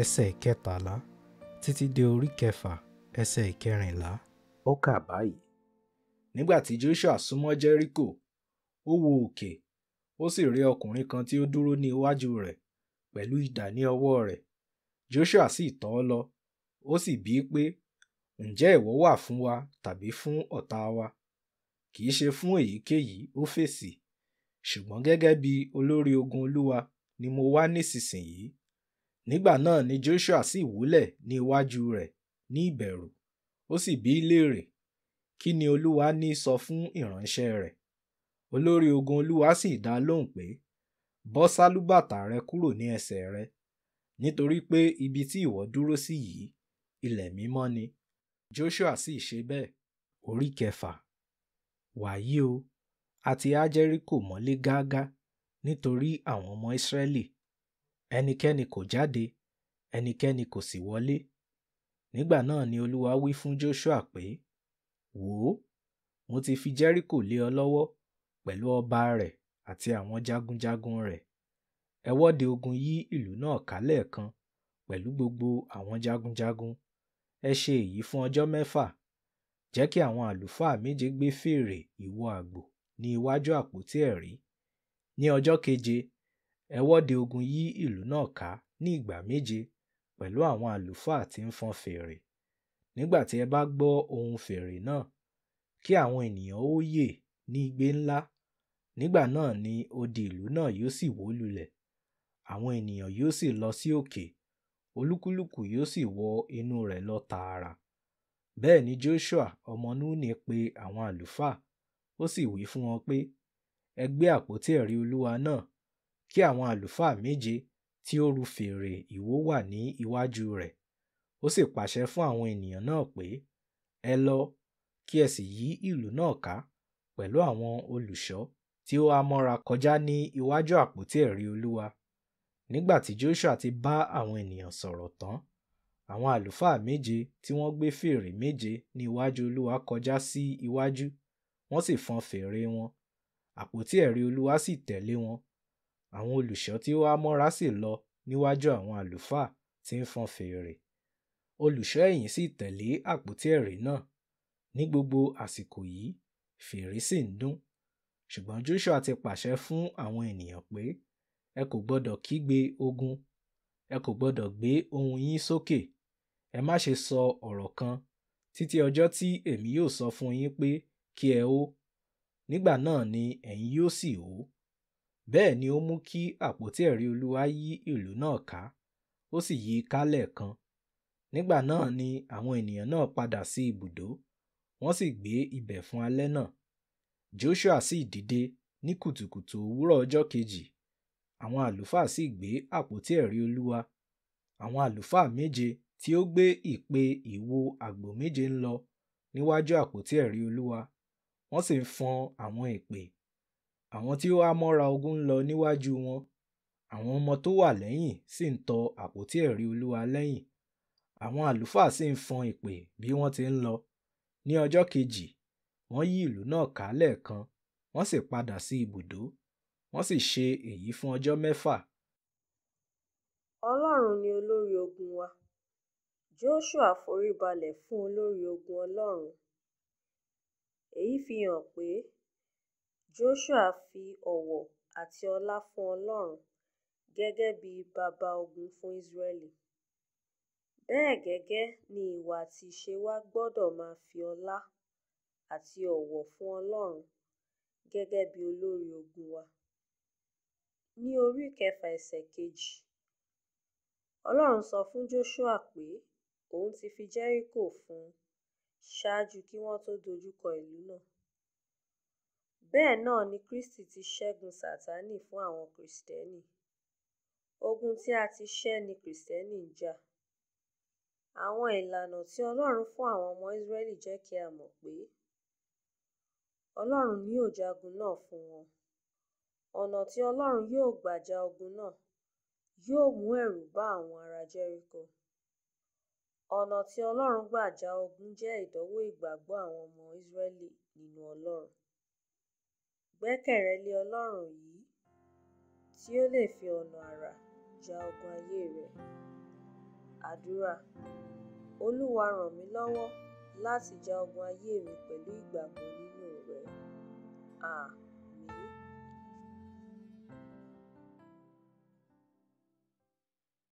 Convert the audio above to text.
ẹsẹ̀ ìkẹtàlá títí dé orí kẹfà ẹsẹ̀ ìkẹrìnlá. ó kà báyìí. nígbà tí joshua súnmọ́ jẹ́ríkò ó wo òkè ó sì rí ọkùnrin kan tí ó dúró ní iwájú rẹ̀ pẹ̀lú idà ní ọwọ́ rẹ̀ joshua sì tọ̀ ọ́ lọ ó sì bíi pé ǹjẹ́ ìwọ wà fún wa tàbí fún ọ̀tá wa kì í ṣe fún èyíkéyìí ó fèsì ṣùgbọ́n gẹ́gẹ́ bí olórí ogun olúwa ni mo wá nísinsìnyí nígbà náà ni joshua sì wúlẹ̀ ní iwájú rẹ̀ ní ìbẹ̀rù ó sì bí léèrè kí ni olúwa ní sọ fún ìránṣẹ́ rẹ̀ olórí ogun olúwa sì dá lóhùn pé bọ́ sálúbàtà rẹ kúrò ní ẹsẹ̀ rẹ nítorí pé ibi tí ìwọ dúró sí yìí ilẹ̀ mímọ́ ni joshua sì ṣe bẹ́ẹ̀ orí kẹfà wàyí o àti á Jẹ́ríkò mọ́lé gágá nítorí àwọn ọmọ ìsírẹ́lì ẹnikẹ́ni kò jáde ẹnikẹ́ni kò sì wọlé nígbà náà ni olúwa wí fún joshua pé wò ó mo ti fi jẹ́ríkò lé ọ lọ́wọ́ pẹ̀lú ọba rẹ̀ àti àwọn jagunjagun rẹ̀ ẹ wọ́de ogun yí ìlú náà ká lẹ́ẹ̀kan pẹ̀lú gbogbo àwọn jagunjagun ẹ ṣe èyí fún ọjọ́ mẹ́fà jẹ́ kí àwọn àlùfáà méje gbé fèrè ìwo àgbò ní iwájú àpótí ẹ̀rí ní ọjọ́ keje Ẹ wọ́de ogun yí ìlú náà ká ní ìgbà méje pẹ̀lú àwọn àlùfáà tí ń fọn fèrè. Nígbà tí ẹ bá gbọ́ ohùn fèrè náà, kí àwọn ènìyàn ó yè ní igbe ńlá. Nígbà náà ni odi ìlú náà yóò sì wó lulẹ̀. Àwọn ènìyàn yóò sì lọ sí òkè, olúkúlùkù yóò sì wọ inú rẹ̀ lọ tààrà. Bẹ́ẹ̀ ni Joṣua ọmọ Núnì pe àwọn àlùfáà, ó sì wí fún wọn pé, “Ẹ àpótí ẹ̀rí Olúwa náà kí àwọn àlùfáà méje tí ó ru fèrè ìwó wà ní iwájú rẹ̀ ó sì pàṣẹ fún àwọn ènìyàn náà pé ẹ lọ kí ẹ sì yí ìlú náà ká pẹ̀lú àwọn olùṣọ́ tí ó há mọ́ra kọjá ní iwájú àpótí ẹ̀rí olúwa nígbà tí joshua ti bá àwọn ènìyàn sọ̀rọ̀ tán àwọn àlùfáà méje tí wọ́n gbé fèrè méje ní iwájú olúwa kọjá sí iwájú wọ́n sì fọn fèrè wọn àpótí ẹ̀rí olúwa sì tẹ̀lé wọn àwọn olùṣọ́ tí wàá mọ́ra sì lọ níwájú àwọn àlùfáà tí ń fọn fèrè olùṣọ́ ẹ̀yìn sì tẹ̀lé àpótí ẹ̀rí náà ní gbogbo àsìkò yìí fèrè sì ń dún ṣùgbọ́n Joshua ti pàṣẹ fún àwọn ènìyàn pé ẹ kò gbọ́dọ̀ kígbe ogun ẹ kò gbọ́dọ̀ gbé ohùn yín sókè ẹ má ṣe sọ ọ̀rọ̀ kan títí ọjọ́ tí èmi yóò sọ fún yín pé kí ẹ hó nígbà náà ni ẹ̀yin yóò sì hó Bẹ́ẹ̀ ni ó mú kí àpótí ẹ̀rí Olúwa yí ìlú náà ká ó sì yí i ká Nígbà náà ni àwọn ènìyàn náà padà sí ibùdó, wọ́n sì gbé ibẹ̀ fún alẹ́ náà. Joṣua sì dìde ní kùtùkùtù òwúrọ̀ ọjọ́ kejì, àwọn àlùfáà sì gbé àpótí ẹ̀rí Olúwa. Àwọn àlùfáà méje tí ó gbé ìpè ìwo àgbò méje ń lọ níwájú àpótí ẹ̀rí Olúwa, wọ́n sì ń fọn àwọn ìpè àwọn tí ó há mọ́ra ogun ń lọ níwájú wọn àwọn ọmọ tó wà lẹ́yìn sì ń tọ àpótí ẹ̀rí olúwa lẹ́yìn àwọn àlùfáà sì ń fọn ìpè bí wọ́n ti ń lọ ní ọjọ́ kejì wọ́n yí ìlú náà ká lẹ́ẹ̀kan wọ́n sì padà sí ibùdó wọ́n sì ṣe èyí fún ọjọ́ mẹ́fà. ọlọ́run ni olórí ogun wa joshua foríbalẹ̀ fún olórí ogun ọlọ́run èyí fi hàn pé joshua fi ọ̀wọ̀ àti ọlá fún ọlọ́run gẹ́gẹ́ bíi bàbá ogun fún israẹli bẹ́ẹ̀ gẹ́gẹ́ ni ìwà àti ìṣe wa gbọ́dọ̀ máa fi ọlá àti ọ̀wọ̀ fún ọlọ́run gẹ́gẹ́ bíi olórí ogun wa ní orí ìkẹfà ẹsẹ̀ kejì ọlọ́run sọ fún joshua pé òun ti fi jẹ́ríkò fún un ṣáájú kí wọ́n tó dojúkọ ìlú náà bẹ́ẹ̀ náà ni kristi ti ṣẹ́gun sátánì fún àwọn kristẹni ogun tí a ti ṣe ní kristẹni ń jà àwọn ìlànà tí ọlọ́run fún àwọn ọmọ ísírẹ́lì jẹ́ kí a mọ̀ pé ọlọ́run ni yóò jagun náà fún wọn ọ̀nà tí ọlọ́run yóò gbà ogun náà yóò mú ẹ̀rù bá àwọn ará jẹ́ríkò ọ̀nà tí ọlọ́run gbà ogun jẹ́ ìdánwò ìgbàgbọ́ àwọn ọmọ ísírẹ́lì nínú ọlọ́run gbẹ́kẹ̀ rẹ lé Ọlọ́run yìí tí ó lè fi ọ̀nà àrà ja ogun ayé rẹ. Àdúrà Olúwa ràn mí lọ́wọ́ láti ja ogun ayé mi pẹ̀lú ìgbàgbọ́ nínú rẹ. Àmín.